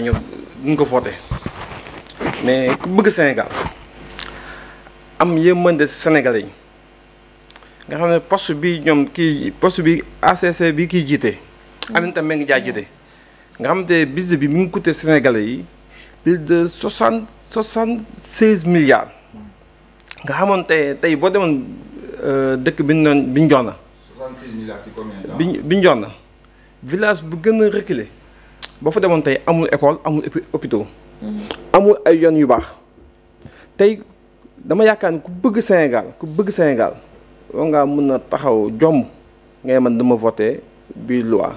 ñoom duñ ko foote mais ku bëgg Sénégal am yërmande Sénégalais yi nga xam ne post bi ñoom kii post bi ACC bi kii jiite. Aminata ngi Ndiaye jiite. nga xam te budget bi mu ngi coûté Sénégalais yi plus de soixante soixante seize milliards. nga xamoon tey tey boo demoon euh, dëkk bi ñu bi ñu na. soixante jox na village bu gën a reculé. ba fa demoon tey amul école amul hôpitaux mm-hmm. amul ay yoon yu baax tey dama yaakaar ni ku bëgg Sénégal ku bëgg Sénégal war ngaa mën na taxaw jomm ngay man dama voté bi loi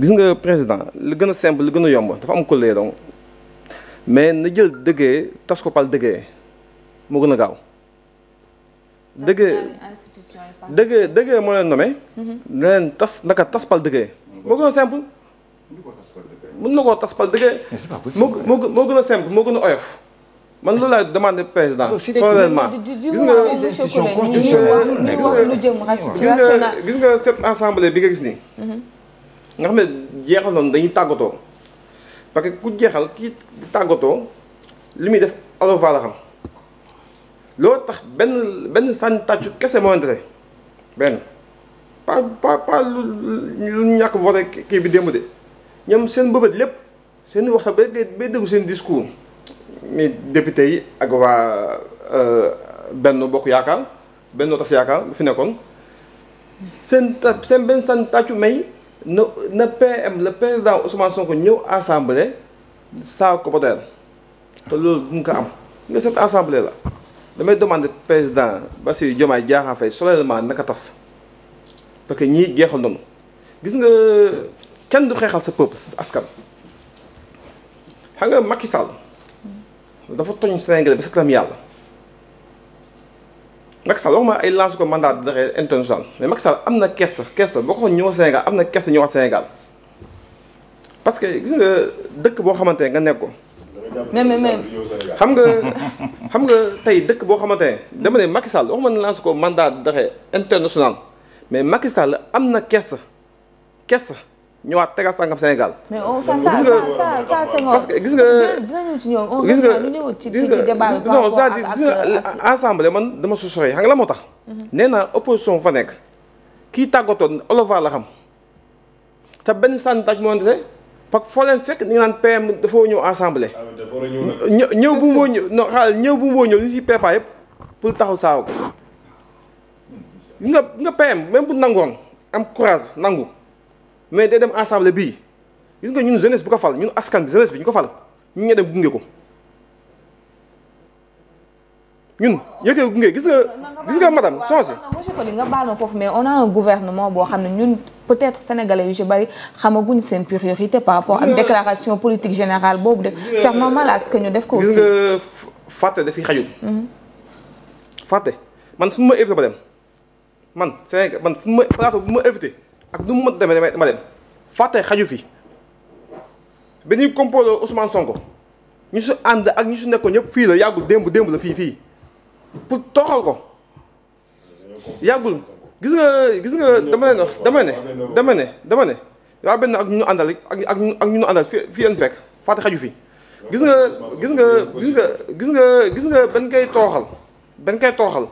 gis nga président li gën a simple li gën a yomb dafa am collee donc mais na jël dëggee tas ko pal dëggee moo gën a gaaw dëggee dëggee dëggee moo leen nommé mm-hmm. na leen tas naka tas pal dëggee moo gën a simple mën na koo tas par degré moo moo gën a simple moo gën a oyof man loolu laa demande président. solennellement gis nga gis nga cette assemblée bi nga gis nii. Mhm. nga xam ne jeexal noonu dañuy tàggatoo parce que ku jeexal kii tàggatoo li muy def alofa la xam loolu tax benn benn sànni tàccu kese moo intéressé benn pas pas pas lu ñàkk voté kii bi démb de. ñoom seen mbëbët lépp seen waxtaan ba bay déggu seen discours mi député yi ak waa euh, benn bokk yaakaar benn tas yaakaar fi nekkoon seen seen benn san tàccu may na na PM le président Ousmane Sonko ñëw assemblée saa ko te loolu bu ko am nga cette assemblée la damay demande président Bassirou Diomaye Diakhar Faye solennellement naka tas parce que ñii jeexal nañu gis nga kenn du xeexal sa peuple sa xam nga Macky dafa toñ Sénégal ba sa kanam yàlla Macky Sall ma ay lance ko mandat d'arrêt international mais Macky am na kersa kersa boo ko am na kersa ñëwaat Sénégal parce que dëkk boo xamante ne nga nekk xam nga xam nga tey dëkk boo xamante ne dama ne Macky Sall waxuma ne lance ko mandat d'arrêt international mais Macky Sall am na kersa ñëwaat tegaat sàngam Sénégal. mais parce que gis nga. dinañu ci ñëw ci ci débat bi. non cest euh, man dama su sori xam moo tax. Mhm. nee naa opposition fa nekk. kii tàggatoo olova la xam. te benn sànnitage moo indi parce que foo leen fekk ni nga naan PM dafa ñëw assemblée. Ah ñëw ñëw bu moo ñëw non xaaral ñëw bu ñëw li ci prépa yëpp pour taxaw saaw ko. nga nga PM bu nangoon am courage nangu. mais de dem assemblée bii gis nga ñun jeunesse bu ko fal ñun askan bi jeunesse bi ñu ko fal ñun ñoo dem gunge ko ñun yëkkee gunge gis nga gis nga madame soxna si monsieur Coly nga baal ma foofu mais on a un gouvernement boo xam ne ñun peut-être sénégalais yu ci bari xamaguñ seen priorité par rapport ak déclaration politique générale boobu de c'est normal à ce que ñu def ko aussi gis nga fàtte dafiy xajul mhm. fàtte man suñu ma évité ba dem man Sénégal man suñu ma plateau bu ma évité ak nu mu mën demee damay dama dem xaju fi bi ñuy composé Ousmane Sonko ñu ànd ak ñu su nekkoon ñëpp fii la yàggul démb démb la fii fii pour tooxal ko yàggul gis gis nga dama ne dama ne deme ne dama ne waa benn ak ñu ñu àndal ak ak ak ñu ñu àndal fi fii leen fekk fàtte xaju fi gis nga gis nga gis nga gis nga gis nga benn koy tooxal benn koy tooxal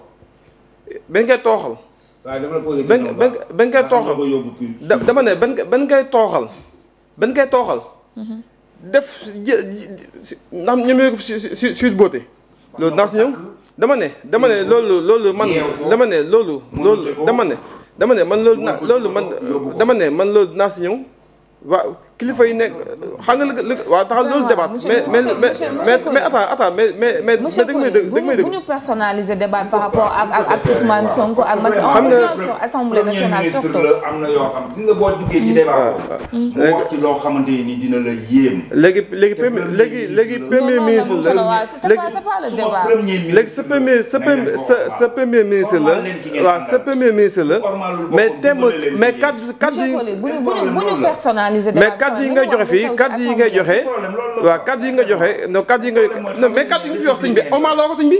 benn koy tooxal waaye dama la posé question ba ba nga koy tooxal dama ne ban ban ngay tooxal ban ngay tooxal. Mhm. def jë ndax ñoom ko si si Sweet Beauté. loolu naa si ñëw dama ne dama ne loolu loolu man dama ne loolu. loolu dama ne dama ne man loolu na loolu man dama ne man loolu naa si ñëw kilifa yi nekk xam nga li waaw taxal loolu débat mais mais mais mais attends attends mais mais mais dëgg may dëgg dëgg may dëgg bu ñu personnaliser débat par rapport ak ak ak Ousmane Sonko ak Macky xam nga assemblée nationale surtout la am na yoo xam si nga boo duggee ci débat mu wax ci loo xamante ni dina la yéem léegi léegi léegi léegi premier ministre la léegi léegi sa premier sa sa sa premier ministre la waaw sa premier ministre la mais thème mais cadre cadre bu ñu personnaliser débat kaddu yi ngay joxe fii kaddu yi ngay joxe waaw kaddu yi nga joxe non kaddu yi nga non mais yi nga fi wax sëñ bi omaaloo ko sëñ bi.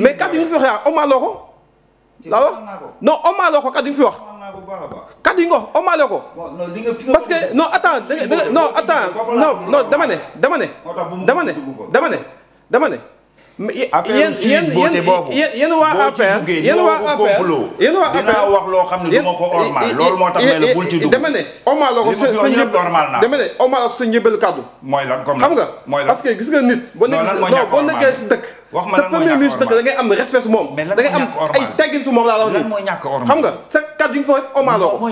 mais kaddu yi nga fi wax yaa omaaloo ko. laa wax non omaaloo ko kaddu yi nga fi wax. kaddu yi nga wax omaaloo ko. parce que non attends non attends non non dama ne dama ne. dama affaire suite boote boobu yéen waa APR yéen waa waa APR dinaa wax loo xam ne du ma ne ormal ko sa sa njëb normal na dama ne ormal ko sa njëbal kàddu mooy gis nga nit dëkk wax ma lan mooy ñàkk orma premier ministre da ngay am respect su moom. mais lan mooy ñàkk laa la wax nii. lan orma xam nga sa kaddu yi ñu fa wax ormaaloo ko.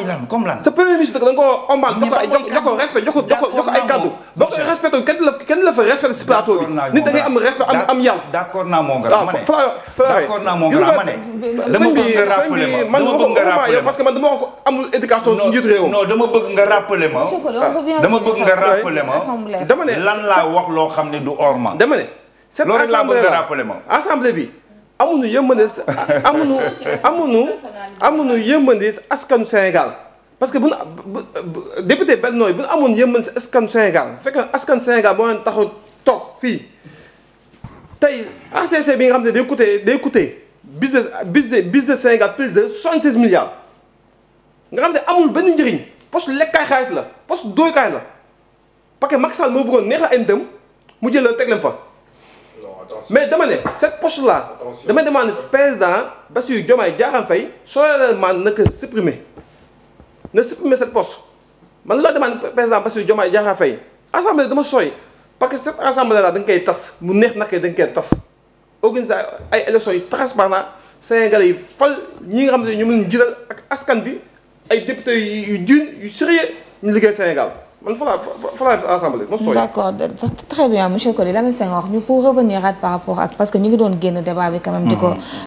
ay jox ko ay kaddu. boo da ma bëgg nga rappelé ma man ma bëgg nga rappelé ma dama ma. ne lan laa wax loo xam ne du orma dama cette assemblée là loolu laa bëgg a rappeler moom man bi amuñu yëmbande amuñu amuñu amuñu yëmbande askanu Sénégal parce que bu nu député Benno bu nu amoon yëmbande askanu Sénégal bu fekkee askanu Sénégal moo leen taxaw toog fii tey ACC bi nga xam ne day coûter day coûter business business business Sénégal plus de 76 milliards nga xam ne amul benn njëriñ poste lekkaay xaalis la poste dooykaay la parce que Macky moo bëggoon neex la ay ndëm mu jël leen teg fa. mais dama ne cette poche là dama demande président Bassirou Diomaye fay Faye solennellement na ko supprimer na supprimer cette poche man loo demande président Bassirou Diomaye Diakhar fay assemblée dama sooy parce que cette assemblée là da nga koy tas mu neex naka da nga koy tas organiser ay élections yu transparent Sénégalais yi fal ñi nga xam ne ñoom mën jiral ak askan bi ay députés yu diin yu sérieux ñu liggéey Sénégal man fa laa fa laa assemblée mosutoo d' accord très bien monsieur Coly Lamine Senghor ñu pour revenir at par rapport ak parce que ñu ngi doon génn débat bi quand même di ko mm-hmm.